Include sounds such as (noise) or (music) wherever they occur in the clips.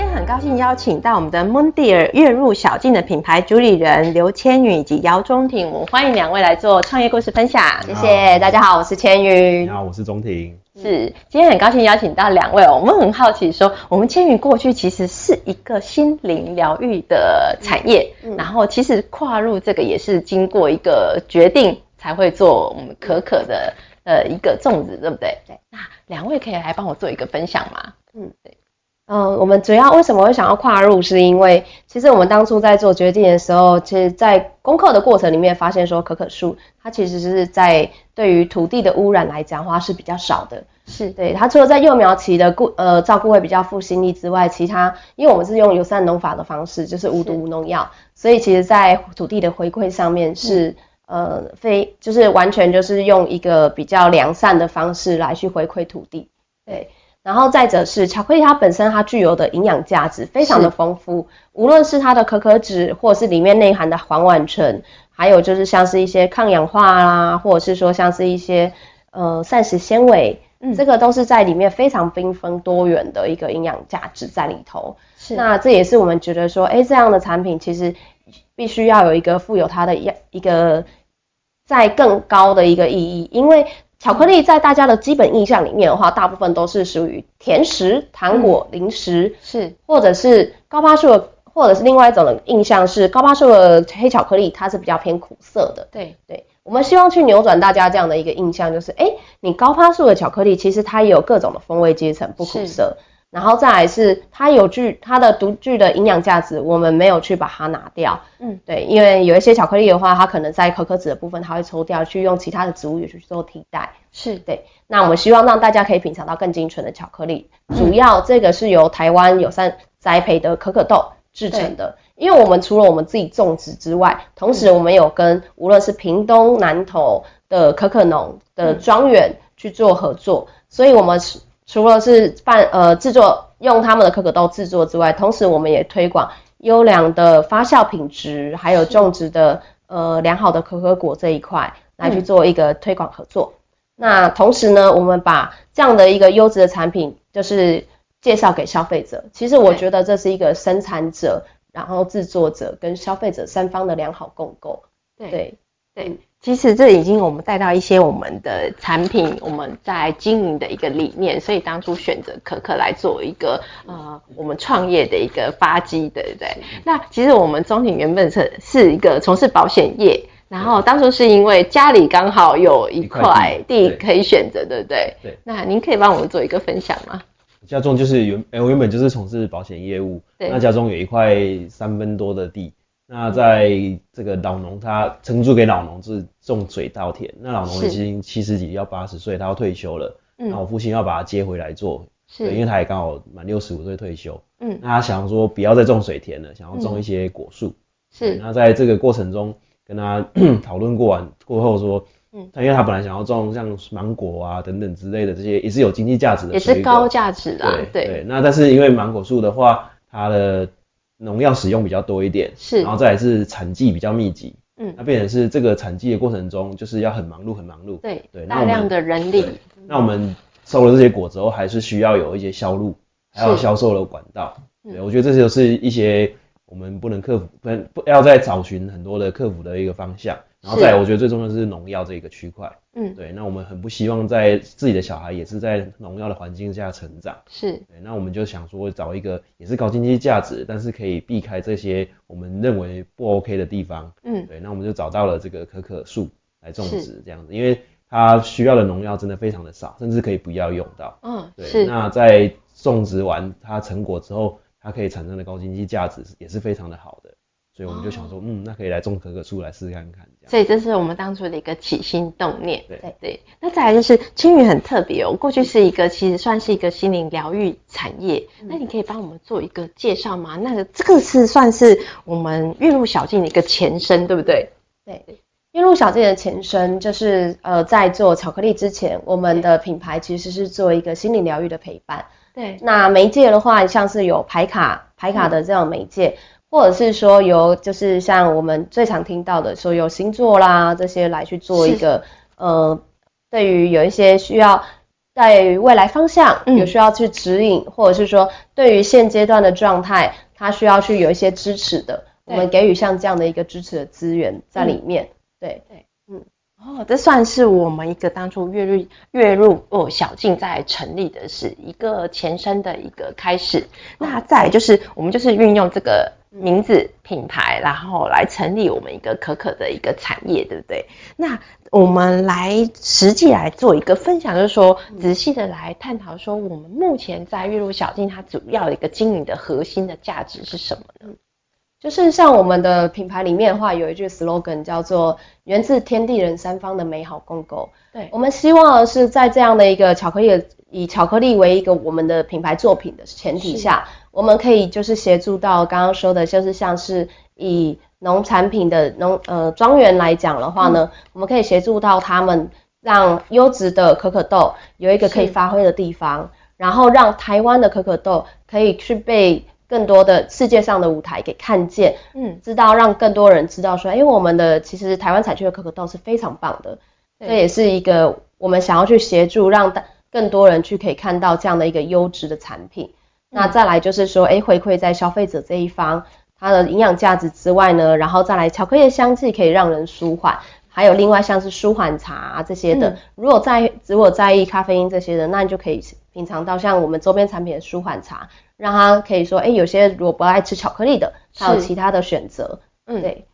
今天很高興邀請到我們的 MoonDeer 月鹿小徑的品牌主理人劉芊妘以及姚宗廷，我們歡迎兩位來做創業故事分享。謝謝好大家好，我是芊妘。你好，我是宗廷。是，今天很高興邀請到兩位。我們很好奇說，說我們芊妘過去其實是一個心靈療癒的產業，嗯嗯、然後其實跨入這個也是經過一個決定才會做我們可可的、嗯、呃一個粽子，對不對？對。那兩位可以來幫我做一個分享嗎？嗯，對。嗯、呃，我們主要為什麼會想要跨入，是因為其實我們當初在做決定的時候，其實在功課的過程裡面發現說，可可樹它其實是在對於土地的污染，來講的話是比較少的，是。對，它除了在幼苗期的顧呃照顧會比較費心力之外，其他因為我們是用友善農法的方式，就是無毒無農藥，是所以其實在土地的回饋上面是、嗯、呃非，就是完全就是用一個比較良善的方式來去回饋土地。對。然後再者是巧克力，它本身它具有的營養價值非常的豐富，是無論是它的可可脂，或者是裡面內含的黃烷醇，還有就是像是一些抗氧化啦，或者是說像是一些呃膳食纖維，嗯，這個都是在裡面非常繽紛多元的一個營養價值在裡頭。是，那這也是我們覺得說，誒，這樣的產品其實必須要有一個富有它的一一個在更高的一個意義，因為。巧克力在大家的基本印象裡面的話，大部分都是屬於甜食、糖果、嗯、零食，是或者是高趴數的，或者是另外一種的印象是高趴數的黑巧克力，它是比較偏苦澀的。對對，我們希望去扭轉大家這樣的一個印象，就是誒、欸、你高趴數的巧克力其實它也有各種的風味階層，不苦澀。然後再來是它有具它的獨具的營養價值，我們沒有去把它拿掉。嗯，對，因為有一些巧克力的話，它可能在可可脂的部分，它會抽掉去用其他的植物油去做替代。是對。那我們希望讓大家可以品嘗到更精純的巧克力。嗯、主要這個是由台灣友善栽培的可可豆製成的，對因為我們除了我們自己種植之外，同時我們有跟無論是屏東南投的可可農的莊園去做合作，嗯、所以我們是。除了是辦呃製作用他們的可可豆製作之外，同時我們也推廣優良的發酵品質，還有種植的，的呃良好的可可果，果這一塊來去做一個推廣合作。嗯、那同時呢，我們把這樣的一個優質的產品，就是介紹給消費者。其實我覺得這是一個生產者、對然後製作者跟消費者三方的良好共構。對。對對，其實這已經我們帶到一些我們的產品，我們在經營的一個理念，所以當初選擇可可來作為一個呃我們創業的一個發機，對不對？嗯、那其實我們宗廷原本是是一個從事保險業，然後當初是因為家裡剛好有一塊地可以選擇，對不對？對。對對，那您可以幫我們做一個分享嗎？家中就是原呃、欸、我原本就是從事保險業務，對那家中有一塊三分多的地。那在這個老農，他承租給老農是種水稻田。那老農已經七十幾，要八十歲，他要退休了。嗯，然後我父親要把他接回來做，是，因為他也剛好滿六十五歲退休。嗯，那他想說不要再種水田了，想要種一些果樹，嗯。是。那在這個過程中跟他討論 (coughs) 過完過後說，嗯，他因為他本來想要種像芒果啊等等之類的這些也是有經濟價值的，也是高價值的。對對，對。那但是因為芒果樹的話，它的農藥使用比較多一點，是，然後再來是產季比較密集，嗯，那變成是這個產季的過程中，就是要很忙碌，很忙碌，對對，對大量的人力。那，那我們收了這些果之後，還是需要有一些銷路，還有銷售的管道。嗯、對，我覺得這就是一些我們不能克服，不能不要再找尋很多的克服的一個方向。然後再，我覺得最重要的是農藥這個區塊，嗯，對，那我們很不希望在自己的小孩也是在農藥的環境下成長，是，對，那我們就想說找一個也是高經濟價值，但是可以避開這些我們認為不 OK 的地方，嗯，對，那我們就找到了這個可可樹來種植是這樣子，因為它需要的農藥真的非常的少，甚至可以不要用到，嗯、哦，對，是那在種植完它成果之後，它可以產生的高經濟價值也是非常的好的。所以我們就想說嗯，哦、嗯，那可以來種可可樹來試試看看。所以這是我們當初的一個起心動念。對對，對。那再來就是青雲很特別哦、喔，過去是一個其實算是一個心靈療癒產業。嗯、那你可以幫我們做一個介紹嗎？那個、這個是算是我們月鹿小徑的一個前身，對不對？對。月鹿小徑的前身就是呃，在做巧克力之前，我們的品牌其實是做一個心靈療癒的陪伴。對。那媒介的話，像是有牌卡、牌卡的這種媒介。嗯或者是說由就是像我們最常聽到的，說有星座啦這些來去做一個，是呃，對於有一些需要在未來方向，嗯、有需要去指引，或者是說對於現階段的狀態，它需要去有一些支持的，對我們給予像這樣的一個支持的資源在裡面。嗯、對對，嗯，哦，這算是我們一個當初月鹿月鹿哦小徑在成立的是一個前身的一個開始。那再就是、哦、我們就是運用這個。名字、品牌，然後來成立我們一個可可的一個產業，對不對？那我們來實際來做一個分享，就是說，仔細的來探討，說我們目前在月鹿小徑，它主要的一個經營的核心的價值是什麼呢？就是像我們的品牌裡面的話，有一句 slogan 叫做“源自天地人三方的美好共構”對。對，我們希望的是在這樣的一個巧克力，以巧克力為一個我們的品牌作品的前提下，是我們可以就是協助到剛剛說的，就是像是以農產品的農呃莊園來講的話呢，嗯、我們可以協助到他們，讓優質的可可豆有一個可以發揮的地方，是然後讓台灣的可可豆可以去被。更多的世界上的舞台給看見，嗯，知道讓更多人知道說，哎，我們的其實台灣產區的可可豆是非常棒的，這對也是一個我們想要去協助讓大更多人去可以看到這樣的一個優質的產品。嗯、那再來就是說，哎，回饋在消費者這一方，它的營養價值之外呢，然後再來巧克力的香氣可以讓人舒緩。還有另外像是舒緩茶、啊、這些的，嗯、如果在，如果在意咖啡因這些的，那你就可以品嚐到像我們週邊產品的舒緩茶，讓他可以說，哎、欸，有些如果不愛吃巧克力的，還有其他的選擇，嗯、對。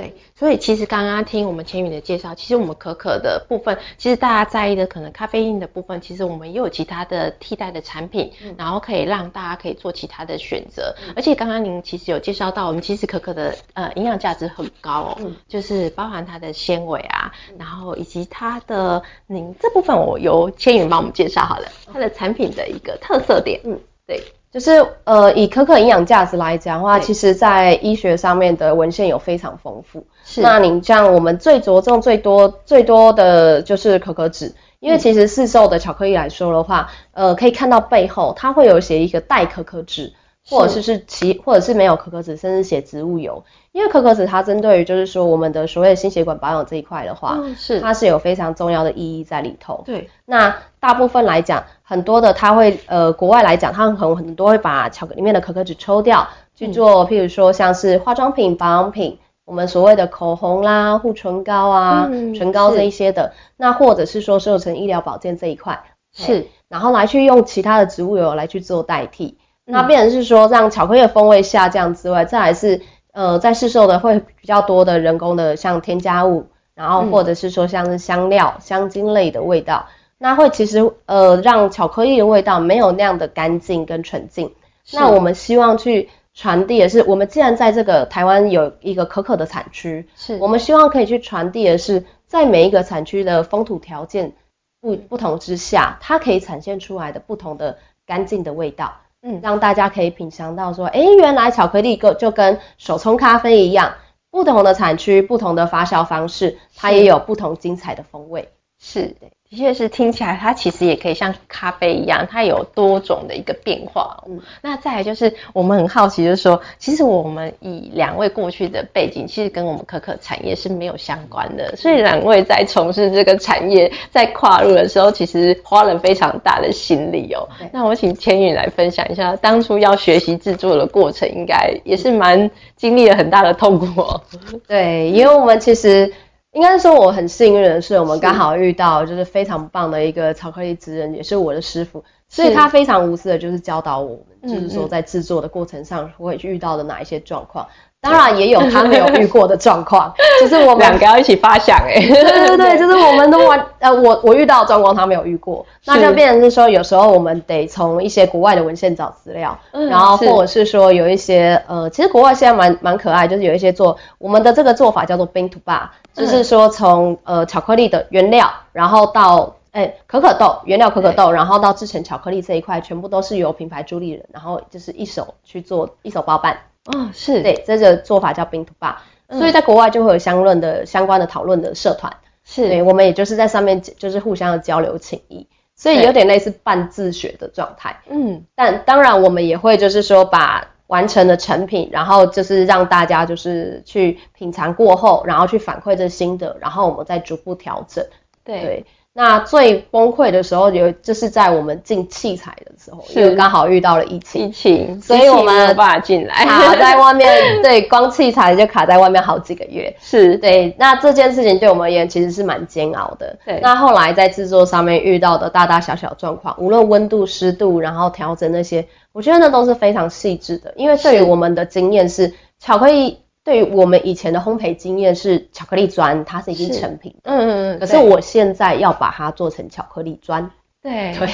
對，所以其實剛剛聽我們芊妘的介紹，其實我們可可的部分，其實大家在意的可能咖啡因的部分，其實我們也有其他的替代的產品，嗯、然後可以讓大家可以做其他的選擇。嗯、而且剛剛您其實有介紹到，我們其實可可的呃營養價值很高，哦，嗯、就是包含它的纖維啊，嗯、然後以及它的，您這部分我由芊妘幫我們介紹好了，它的產品的一個特色點。嗯。對，就是呃，以可可營養價值來講的話，對其實在醫學上面的文獻有非常豐富。是，那您這樣我們最着重最多最多的就是可可脂，因為其實市售的巧克力來說的話，嗯、呃，可以看到背後它會有寫一個代可可脂。或者是是其，或者是沒有可可脂，甚至寫植物油，因為可可脂它針對於就是說我們的所謂心血管保養這一塊的話，嗯、是它是有非常重要的意義在裡頭。對，那大部分來講，很多的它會呃，國外來講，它很很多會把巧克力裡面的可可脂抽掉去做，嗯、譬如說像是化妝品、保養品，我們所謂的口紅啦、護唇膏啊、嗯嗯唇膏這一些的，是那或者是說所有成醫療保健這一塊，是然後來去用其他的植物油來去做代替。嗯、那變成是說讓巧克力的風味下降之外，再來是，呃，在市售的會比較多的人工的像添加物，然後或者是說像是香料、嗯、香精類的味道，那會其實呃讓巧克力的味道沒有那樣的乾淨跟純淨。是那我們希望去傳遞的是，我們既然在這個台灣有一個可可的產區，是我們希望可以去傳遞的是，在每一個產區的風土條件不不同之下，它可以呈現出來的不同的乾淨的味道。嗯，讓大家可以品嚐到，說，誒、欸，原來巧克力跟就跟手沖咖啡一樣，不同的產區，不同的發酵方式，它也有不同精彩的風味。是，的確是聽起來它其實也可以像咖啡一樣，它有多種的一個變化。嗯、那再來就是我們很好奇，就是說，其實我們以兩位過去的背景，其實跟我們可可產業是沒有相關的，所以兩位在從事這個產業在跨入的時候，其實花了非常大的心力哦。嗯、那我請芊妘來分享一下當初要學習製作的過程，應該也是蠻經歷了很大的痛苦、哦。嗯、對，因為我們其實。應該說我很幸運的是，我們剛好遇到就是非常棒的一個巧克力職人，是也是我的師傅，是所以他非常無私的，就是教導我們，就是說在制作的過程上會遇到的哪一些狀況。嗯嗯嗯當然也有他沒有遇過的狀況， (laughs) 就是我們兩個要一起發想誒對對對， (laughs) 就是我們都完呃，我我遇到的狀況他沒有遇過，是那像變成是說有時候我們得從一些國外的文獻找資料，嗯、然後或者是說有一些是呃，其實國外現在蠻蠻可愛，就是有一些做我們的這個做法叫做 Bean to Bar、嗯、就是說從呃巧克力的原料，然後到哎、欸、可可豆原料可可豆，欸、然後到製成巧克力這一塊，全部都是由品牌主理人，然後就是一手去做一手包辦。哦，是對，這個做法叫 Bean to Bar。所以在國外，就會有相論的相關的討論的社團，是對，我們也就是在上面就是互相的交流情誼，所以有點類似半自學的狀態，嗯對，但當然我們也會就是說把完成的成品，然後就是讓大家就是去品嘗過後，然後去反饋這心得，然後我們再逐步調整，對。對那最崩潰的時候，有就是在我們進器材的時候，是剛好遇到了疫情，疫情，所以我們無法進來，卡在外面，對，對光器材就卡在外面好幾個月，是對。那這件事情對我們而言其實是蠻煎熬的，對。那後來在制作上面遇到的大大小小狀況，無論溫度、濕度，然後調整那些，我覺得那都是非常細緻的，因為對於我們的經驗是巧克力。對於我們以前的烘焙經驗是巧克力磚，它是已經成品。嗯嗯嗯。可是我現在要把它做成巧克力磚。對對，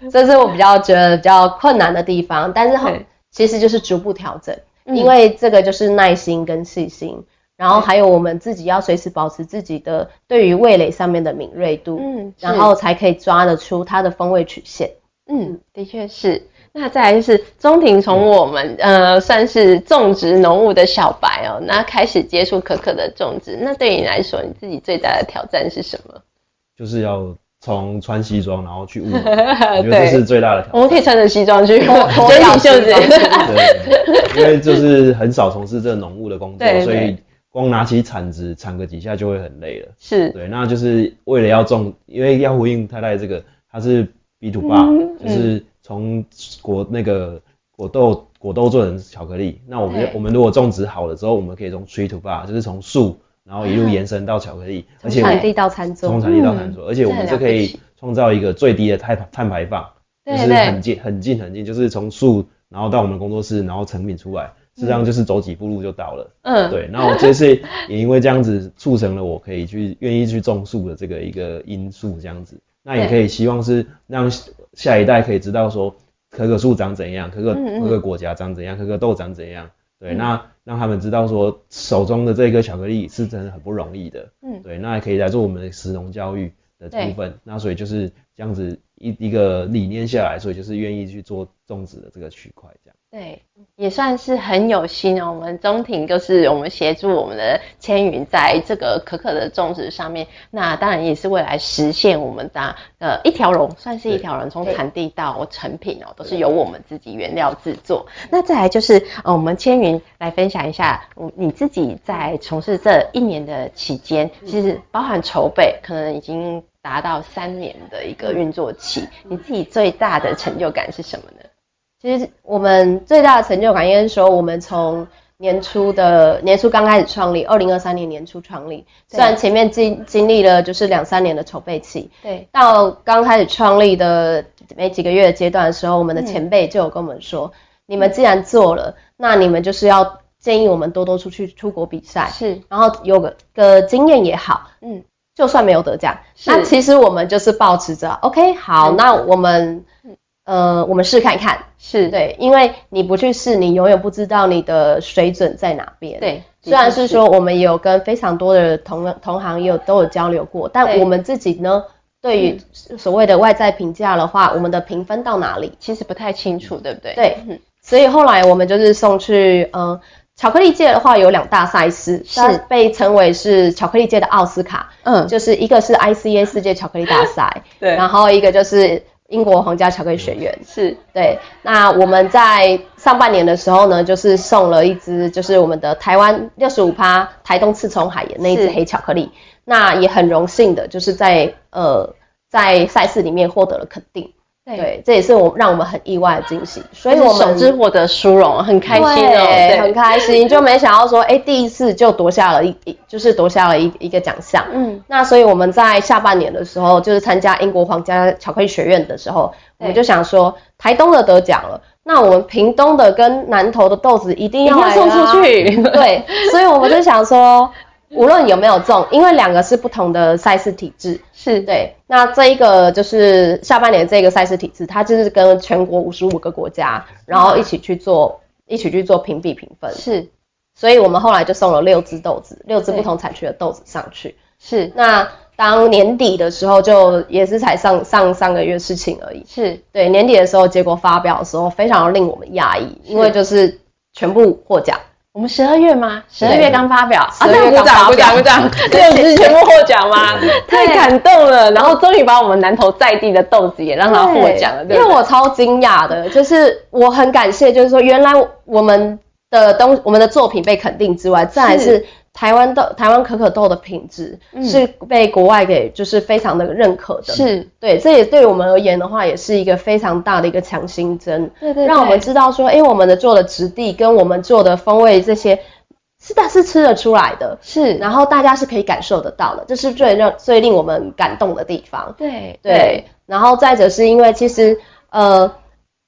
對 (laughs) 這是我比較覺得比較困難的地方。但是很其實就是逐步調整，對因為這個就是耐心跟細心，嗯、然後還有我們自己要隨時保持自己的對於味蕾上面的敏銳度，嗯，然後才可以抓得出它的風味曲線。嗯，的確是。是那再來就是宗廷，從我們、嗯、呃算是種植農務的小白哦、喔，那開始接觸可可的種植。那對你來說，你自己最大的挑戰是什麼？就是要從穿西裝，然後去務農 (laughs) 我覺得這是最大的挑戰。我們可以穿着西裝去，擼擼袖子，因為就是很少從事這農務的工作，對對對，所以光拿起鏟子鏟個幾下就會很累了。是對，那就是為了要種，因為要呼應太太這個，她是 B to B，、嗯、就是。嗯從果那個果豆果豆做成巧克力，那我們我們如果種植好了之後，對我們可以從 tree to bar，就是從樹，然後一路延伸到巧克力，從產地到餐桌，從產、嗯、地到餐桌，嗯、而且我們是可以創造一個最低的碳碳排放，對就是很近很近很近，就是從樹，然後到我們工作室，然後成品出來，實際上就是走幾步路就到了。嗯，對，那我這次也因為這樣子促成了我可以去願意去種樹的這個一個因素，這樣子。那也可以希望是讓下一代可以知道說可可樹長怎樣，可可，可可果莢長怎樣，可可豆長怎樣，對，嗯、那讓他們知道說手中的這個巧克力是真的很不容易的，嗯，對，那也可以來做我們的食農教育的部分，嗯、那所以就是這樣子一一個理念下來，所以就是願意去做種植的這個區塊這樣。對，也算是很有心哦。我們宗廷就是我們協助我們的芊妘在這個可可的種植上面，那當然也是未來實現我們的呃一條龍，算是一條龍，從產地到成品哦，對都是由我們自己原料制作。對那再來就是呃，我們芊妘來分享一下，你自己在從事這一年的期間，其實包含籌備，可能已經達到三年的一個運作期，你自己最大的成就感是什麼呢？其實我們最大的成就感，因為說我們從年初的年初剛開始創立，二零二三年年初創立，雖然前面經經歷了就是兩三年的籌備期，對，到剛開始創立的沒幾個月的階段的時候，我們的前輩就有跟我們說，嗯、你們既然做了，那你們就是要建議我們多多出去出國比賽，是，然後有個的經驗也好，嗯，就算沒有得獎，是，那其實我們就是抱持著，OK，好，嗯、那我們。呃，我們試看看，是對，因為你不去試，你永遠不知道你的水準在哪邊。對，雖然是說我們有跟非常多的同同行也有都有交流過，對但我們自己呢，嗯、對於所謂的外在評價的話，我們的評分到哪裡其實不太清楚，對不對？對、嗯，所以後來我們就是送去，嗯、呃，巧克力界的話有兩大賽事，是被稱為是巧克力界的奧斯卡，嗯，就是一個是 ICA 世界巧克力大賽， (laughs) 對，然後一個就是。英國皇家巧克力學院是，對。那我們在上半年的時候呢，就是送了一支，就是我們的台灣六十五趴台東刺蔥海鹽那一支黑巧克力。是那也很榮幸的，就是在呃，在賽事裡面獲得了肯定。對，對，這也是我讓我們很意外的驚喜，所以我們首次獲得殊榮，對很開心哦，對很開心，對就沒想到說，哎，第一次就奪下了一一，就是奪下了一個一個獎項，嗯，那所以我們在下半年的時候，就是參加英國皇家巧克力學院的時候，我們就想說，對台東的得獎了，那我們屏東的跟南投的豆子一定要送出去，來啦 (laughs) 對，所以我們就想說。無論有沒有中，因為兩個是不同的賽事體制，是對。那這一個就是下半年這個賽事體制，它就是跟全國五十五個國家，然後一起去做，嗯啊、一起去做評比評分。是，所以我們後來就送了六支豆子，六支不同產區的豆子上去。對是，那當年底的時候，就也是才上上上個月事情而已。是對，年底的時候結果發表的時候，非常令我們訝異，因為就是全部獲獎。我們十二月嗎？十二月剛發表對啊！對，鼓掌，鼓掌，鼓掌！對，不是全部獲獎嗎？對太感動了！然後終於對把我們南投在地的豆子也讓他獲獎了。對對對，因為我超驚訝的，就是我很感謝，就是說原來我們的東，我們的作品被肯定之外，再來是，是。台灣豆，台灣可可豆的品質是被國外給就是非常的認可的，嗯、是對，這也對我們而言的話，也是一個非常大的一個強心針，對，對對，讓我們知道說，哎、欸，我們的做的質地跟我們做的風味這些是，但是吃得出來的，是，然後大家是可以感受得到的，這是最讓最令我們感動的地方，對對，對對，然後再者是因為其實呃。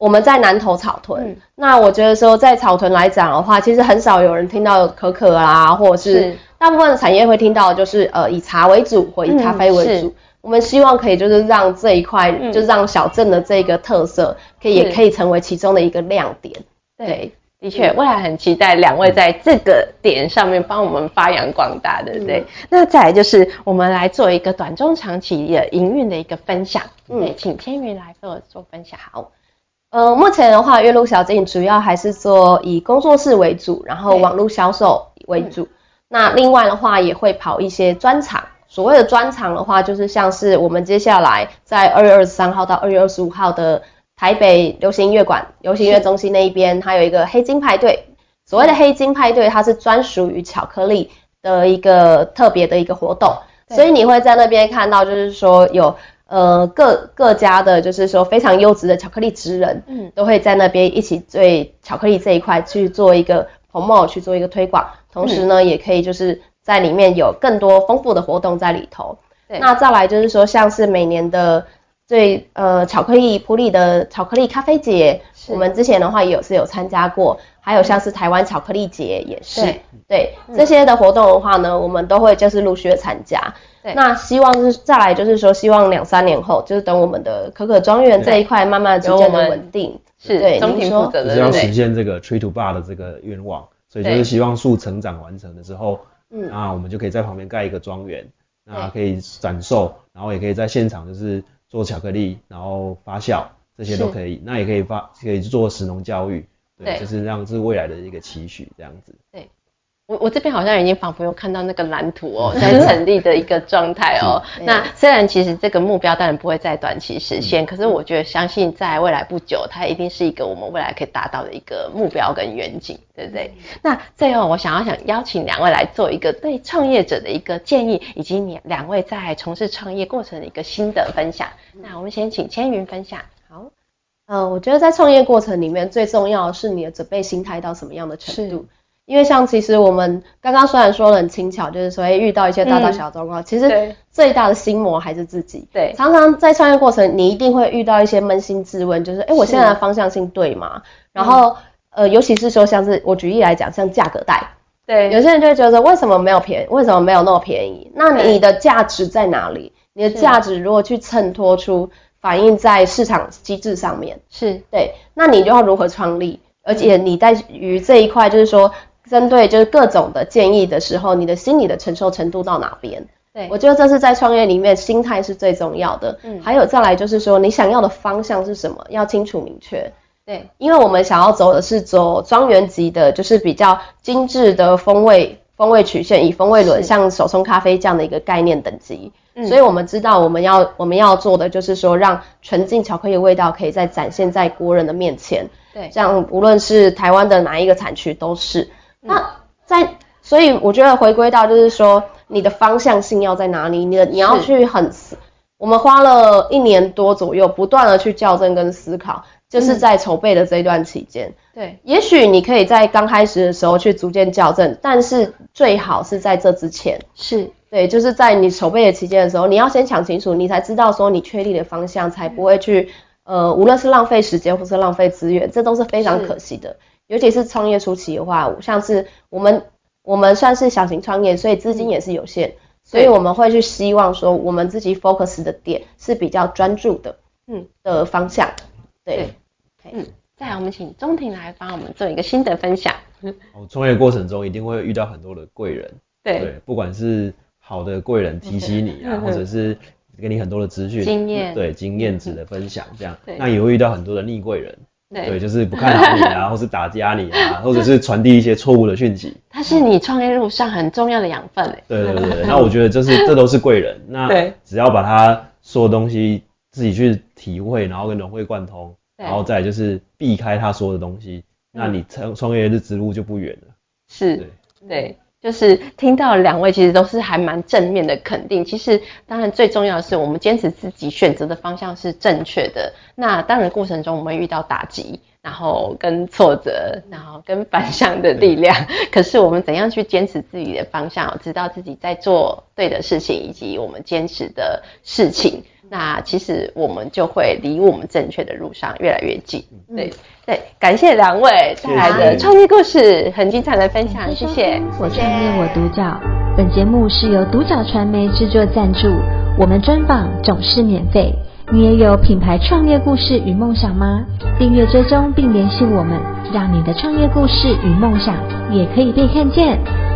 我們在南投草屯，嗯、那我覺得說在草屯來講的話，其實很少有人聽到可可啊，或者是大部分的產業會聽到的就是呃以茶為主或以咖啡為主。嗯、我們希望可以就是讓這一塊，嗯、就是讓小鎮的這個特色，可以是也可以成為其中的一個亮點。對，是對，的確，未來很期待兩位在這個點上面幫我們發揚光大，對不對？嗯、那再來就是我們來做一個短中長期的營運的一個分享，對，嗯、請芊妘來跟我做分享，好。呃，目前的話，月鹿小徑主要還是做以工作室為主，然後網絡銷售為主。對那另外的話，也會跑一些專場。所謂的專場的話，就是像是我們接下來在二月二十三號到二月二十五號的台北流行音樂館、流是行音樂中心那一邊，它有一個黑金派對。所謂的黑金派對，它是專屬於巧克力的一個特別的一個活動，對所以你會在那邊看到，就是說有。呃，各各家的，就是說非常優質的巧克力職人，嗯，都會在那邊一起對巧克力這一塊去做一個 promo，哦、去做一個推廣。嗯、同時呢，也可以就是在裡面有更多豐富的活動在裡頭。嗯、那再來就是說，像是每年的最呃巧克力普利的巧克力咖啡節，是我們之前的話也有是有參加過，還有像是台灣巧克力節也是，嗯、對，嗯、對這些的活動的話呢，我們都會就是陸續的參加。那希望是再來就是說，希望兩三年後，就是等我們的可可莊園這一塊慢慢逐漸的穩定，是對，你說，只要實現這個 tree to bar 的這個願望，所以就是希望樹成長完成的時候，嗯，啊，我們就可以在旁邊蓋一個莊園，那可以展售，然後也可以在現場就是做巧克力，然後發酵這些都可以，那也可以發可以做食農教育，對，就是這是未來的一個期許，這樣子，對。我我這邊好像已經仿佛又看到那個藍圖哦、喔，在成立的一個狀態哦。 (laughs) 那雖然其實這個目標當然不會在短期實現，嗯、可是我覺得相信在未來不久，嗯、它一定是一個我們未來可以達到的一個目標跟遠景，對不對？嗯、那最後我想要想邀請兩位來做一個對創業者的一個建議，以及你兩位在從事創業過程的一個心得分享。嗯、那我們先請芊妘分享。好，呃，我覺得在創業過程裡面，最重要的是你的準備心態到什麼樣的程度。因為像其實我們剛剛雖然說的很輕巧，就是所謂、欸、遇到一些大大小小啊，其實最大的心魔還是自己。對，常常在創業過程，你一定會遇到一些捫心自問，就是哎、欸，我現在的方向性對嗎？然後呃，尤其是說像是我舉例來講，像價格帶，對，有些人就會覺得說，為什麼沒有便宜，為什麼沒有那麼便宜？那你，你的價值在哪裡？你的價值如果去襯托出反映在市場機制上面，是對，那你就要如何創立？而且你在於這一塊，就是說。針對就是各種的建議的時候，你的心理的承受程度到哪邊？對，我覺得這是在創業裡面心態是最重要的。嗯，還有再來就是說你想要的方向是什麼？要清楚明確。對，因為我們想要走的是走莊園級的，就是比較精緻的風味風味曲線，以風味輪是像手沖咖啡這樣的一個概念等級。嗯，所以我們知道我們要我們要做的就是說讓純淨巧克力的味道可以再展現在國人的面前。對，這樣無論是台灣的哪一個產區都是。嗯，那在，所以我覺得回歸到就是說，你的方向性要在哪裡？你的你要去很，我們花了一年多左右，不斷的去校正跟思考，就是在籌備的這一段期間。對，也許你可以在剛開始的時候去逐漸校正，但是最好是在這之前，是對，就是在你籌備的期間的時候，你要先想清楚，你才知道說你確立的方向，才不會去呃，無論是浪費時間或是浪費資源，這都是非常可惜的。尤其是創業初期的話，像是我們我們算是小型創業，所以資金也是有限，嗯、所以我們會去希望說，我們自己 focus 的點是比較專注的，嗯，的方向，對，對嗯，再來我們請宗廷來幫我們做一個心得分享。哦，創業過程中一定會遇到很多的貴人，對，對，不管是好的貴人提醒你啊，對或者是給你很多的資訊經驗驗、嗯，對，經驗值的分享，這樣，嗯、那也會遇到很多的逆貴人。對，就是不看好你啊， (laughs) 或是打擊你啊，或者是傳遞一些錯誤的訊息。他是你創業路上很重要的養分。對對對，那我覺得就是這都是貴人。 (laughs) 那只要把他說的東西自己去體會，然後跟融會貫通，對然後再就是避開他說的東西，嗯、那你創創業之路就不遠了。是，對。對就是聽到兩位其實都是還蠻正面的肯定，其實當然最重要的是我們堅持自己選擇的方向是正確的。那當然過程中我們會遇到打擊，然後跟挫折，然後跟反向的力量。可是我們怎樣去堅持自己的方向，知道自己在做對的事情，以及我們堅持的事情。那其實我們就會離我們正確的路上越來越近。嗯、對對，感謝兩位帶來的創業故事，很精彩的分享，謝謝，謝謝。我創業我獨角，本節目是由獨角傳媒製作贊助，我們專訪總是免費。你也有品牌創業故事與夢想嗎？訂閱追蹤並聯繫我們，讓你的創業故事與夢想也可以被看見。